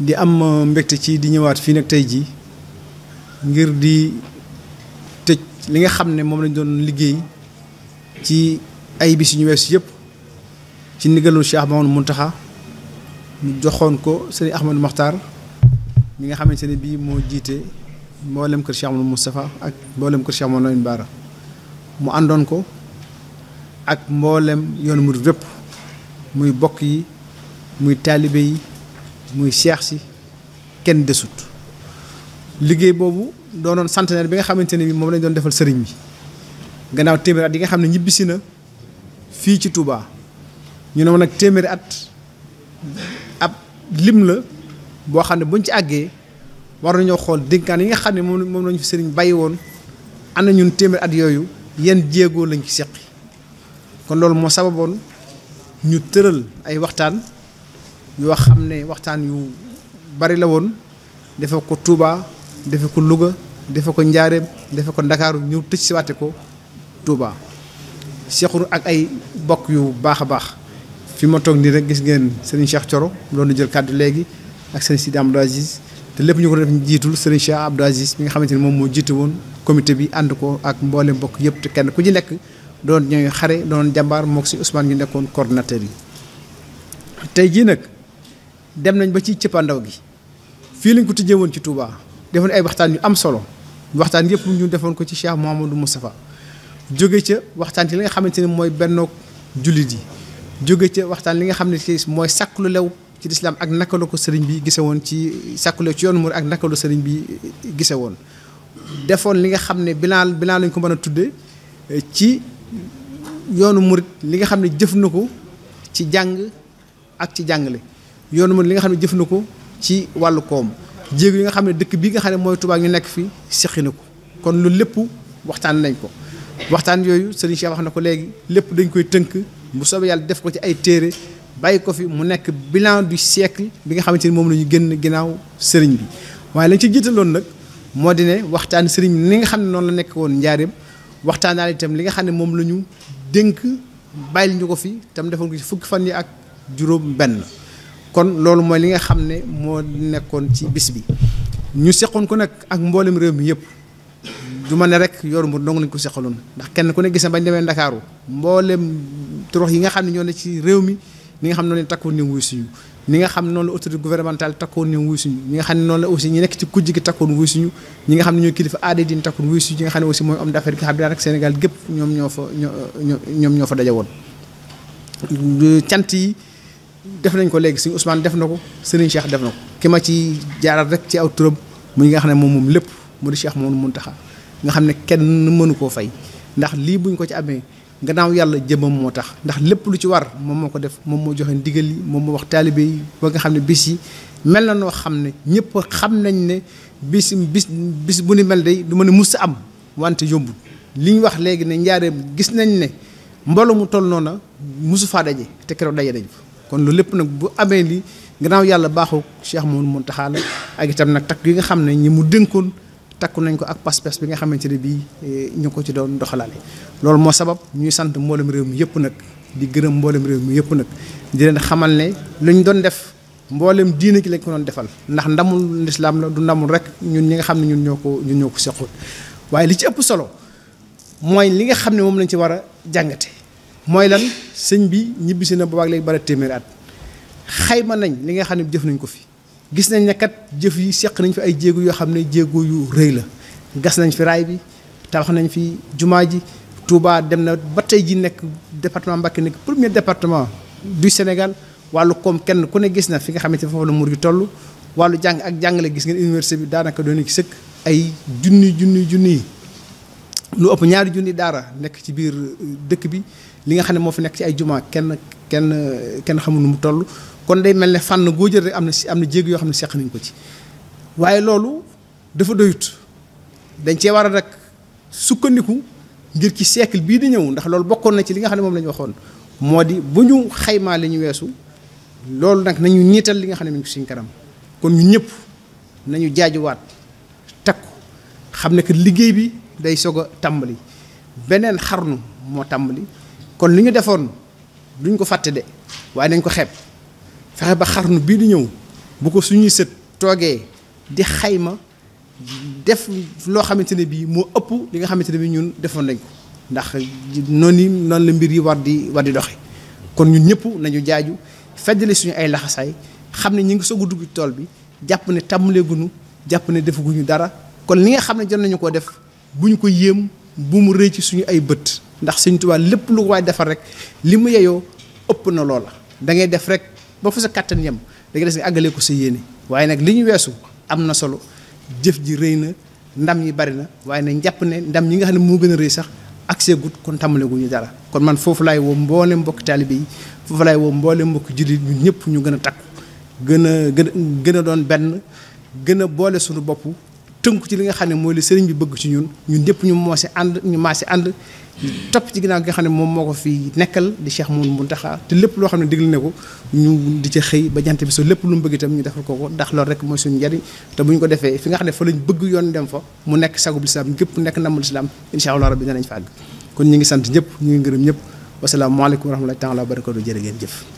di am uh, mbégte ci di ñëwaat fii nag tey jii ngir di tëj li nga xam ne moom lañ doon liggéey ci ay bis yu ñu weesu yëpp ci ndigalul Cheikh mun taxa ñu joxoon ko sëriñ Ahmadou Makhtar mi nga xamante ne bii moo jiite mboolem kër Cheikh Mamadou Moustapha ak mboolem kër Cheikh Mamadou Lamine Bara mu àndoon ko ak mboolem yoonu murid wépp muy bokk yi muy taalibe yi muy cheikh si kenn desut liggéey boobu doonoon centenaire bi nga xamante ne bi moom lañ doon defal sëriñ bi gannaaw téeméeri at yi nga xam ne ñibbisi na fii ci Touba ñu ne ma nag téeméeri at ab lim la boo xam ne buñ ci àggee war nañoo xool dénkaan yi nga xam ne moom moom lañu fi sëriñ bàyyi woon na ñun téeméeri at yooyu yenn jéegoo lañ ci seqi kon loolu moo sababoon ñu tëral ay waxtaan yoo xam ne waxtaan yu bari la woon defe ko Touba defee ko Louga defe ko Njaareem defe ko Ndakaaru ñëw tëj si waate ko Touba Cheikhoul ak ay bokk yu baax a baax fi ma toog nii rek gis ngeen Serigne Cheikh Thioro doon jël kàddu léegi ak Serigne Sidi Abdou Aziz te lépp ñu ko def jiitul Serigne Cheikh Abdou Aziz mi nga xamante ni moom moo jiitu woon comité bi ànd ko ak mboolem bokk yëpp te kenn ku ci nekk doon ñooy xare doon jàmbaar mook si Ousmane ñu nekkoon coordinateur yi tey jii dem nañ ba ci cëppandaw gi fii lañ ko tijjee woon ci Touba defoon ay waxtaan yu am solo waxtaan yëpp ñu defoon ko ci Cheikh Mouhamadou Moustapha jóge ca waxtaan ci li nga xamante ne mooy bennoog jullit yi jóge ca waxtaan li nga xam ne mooy sàkk lu ci lislaam ak naka la ko sëriñ bi gise woon ci sàkk ci yoonu Mouride ak naka la sëriñ bi gise woon defoon li nga xam ne bilan bilan lañ ko mën a tudde eh, ci yoonu Mouride li nga xam ne jëf na ko ci jàng ak ci jàngale yoonu mën li nga xam ne jëf na ko ci wàllu koom jéego yi nga xam ne dëkk bi nga xam ne mooy Tuubaa ñu nekk fi seqi na ko kon loolu lépp waxtaan lañ ko waxtaan yooyu sëriñ Cheikh wax na ko léegi lépp dañ koy tënk mu soobee yàlla def ko ci ay téere bàyyi ko fi mu nekk bilan du siècle bi nga xamante ni moom la ñu génn ginnaaw sëriñ bi waaye lañ ci jiitaloon nag moo di ne waxtaan sëriñ bi ni nga xam ne noonu la nekk woon njaareem waxtaan daal itam li nga xam ne moom la ñu dénk bàyyil ko fi tam defoon ko ci fan yi ak juróom benn kon loolu mooy li nga xam ne moo nekkoon ci bis bi ñu seqoon ko nag ak mboolem réew mi yëpp du ma ne rek yor mbir dong lañ ko seqaloon ndax kenn ku ne gis na bañ demee Ndakaaru mboolem torox yi nga xam ne ñoo ne ci réew mi ni nga xam ne takkoon ni wuy suñu nga xam noonu la autorité gouvernementale takkoon ni wuy suñu ñi nga xam ne noonu la aussi ñi nekk ci kujj gi takkoon wuy suñu ñi nga xam ne ñooy kilifa aada diin takkoon wuy suñu ñi nga xam ne aussi mooy homme d'affaires bi nga xam ne rek Sénégal gépp ñoom ñoo fa ñoo ñoom ñoo fa dajawoon cant yi def nañ ko léegi sëñ Ousmane def na ko sëriñ Cheikh def na ko ki ma ci jaaral rek ci aw turam mu nga xam ne moom moom lépp mu di Cheikh moom Muntaxa nga xam ne kenn mënu koo fay ndax lii buñ ko ci amee gannaaw yàlla jëmam moo tax ndax lépp lu ci war moom moo ko def moom moo joxe ndigal yi moom moo wax taalibe yi ba nga xam ne bis yi mel na noo xam ne ñëpp xam nañ ne bis bis bis bu ni mel day du ma ne mus am wante yombul li ñu wax léegi ne njaareem gis nañ ne mbooloo mu toll noona musu faa daje te keroog daje nañ fa kon loolu lépp nag bu amee li gannaaw yàlla baaxu Cheikh Mouhamadou Mountakha la ak itam nag takk yi nga xam ne ñi mu dënkoon takku nañ ko ak pas-pas bi nga xamante ne bii eh, ñu ko ci doon doxalaale loolu moo sabab ñuy sant mboolem réew mi yëpp nag di gërëm mboolem réew mi yëpp nag di leen xamal ne lu ñu doon def mboolem diine gi lañ ko doon defal ndax ndamul lislaam la du ndamul rek ñun ñi nga xam ne ñu ñoo ko ñun ñoo ko sequl waaye li ci ëpp solo mooy li nga xam ne moom lañ ci war a jàngate mooy lan sëñ bi ñibbisi na boobaak léegi bare téeméeri at xayma nañ li nga xam ne jëf nañ ko fi gis nañ ne kat jëf yi seq nañ fi ay jéego yoo xam ne jéego yu rëy la gas nañ fi raay bi tabax nañ fi jumaa ji Touba dem na ba tey ji nekk département Mbacké nekk premier département du Sénégal wàllu koom kenn ku ne gis na fi nga xamante foofu la mur gi toll wàllu jàng ak jàngale gis ngeen université bi daanaka doon ci sëkk ay junni junni junni lu ëpp ñaari junni daara nekk ci biir euh, dëkk bi li nga xam ne moo fi nekk ci ay jumaa kenn kenn kenn xamul nu mu toll kon day mel ne fànn goo jël rek am na si am na jéeg yoo xam ne seex nañ ko ci waaye loolu dafa doyut dañ cee war a rek sukkandiku ngir ci siècle bii di ñëw ndax loolu bokkoon na ci li nga xam ne moom la ñu waxoon moo di bu ñu xaymaa li ñu weesu loolu nag nañu niital li nga xam ne mi ngi suñ kanam kon ñu ñëpp nañu jaajuwaat takku xam ne liggéey bi day sog a tàmbali beneen xarnu moo tàmbali kon li ñu defoon duñ ko fàtte de waaye nañ ko xeeb fexe ba xarnu bii di ñëw bu ko suñuy sët toogee di xayma def loo xamante ne bii moo ëpp li nga xamante ne bii ñun defoon nañ ko ndax noonu yi noonu la mbir yi war di war di doxe kon ñun ñëpp nañu jaaju feddali suñu ay laxasaay xam ne ñu ngi soog dugg tool bi jàpp ne tàmbalee jàpp ne defaguñu dara kon li nga xam ne jot nañu koo def. bu ñu ko yéem bu mu rëy ci suñu ay bëtt ndax Sëñ Tuubaa lépp lu waay defar rek li mu yeyoo ëpp na loola da ngay def rek ba fa sa kàttan yem da ngay des àggalee ko sa yéene waaye nag li ñu weesu am na solo jëf ji rëy na ndam yi bari na waaye nag njàpp ne ndam ñi nga xam ne moo gën a rëy sax ak see gut kon tàmbale gu ñu dara kon man foofu laay woo mboole mbokk taalibe yi foofu laay woo mboole mbokk jullit ñun ñëpp ñu gën a takku gën a gën a gën a doon benn gën a boole suñu bopp tënku ci li nga xam ne mooy li sëriñ bi bëgg ci ñun ñun ñëpp ñu moo si ànd ñu maa si ànd topp ci ginnaaw gi nga xam ne moom moo ko fi nekkal di Cheikh Mourou Mountakha te lépp loo xam ne digal ko ñu di ca xëy ba jant bi so lépp lu mu bëgg itam ñu ko ko ndax loolu rek mooy suñu njariñ te bu ñu ko defee fi nga xam ne fa lañ bëgg yoon dem fa mu nekk sagub lislaam gépp nekk namul lislaam incha allah rabbi danañ fa àgg kon ñu ngi sant ñëpp ñu ngi ngërëm ñëpp wasalaamaaleykum wa rahmatullahi taala wa barakatu jërë ngeen jëf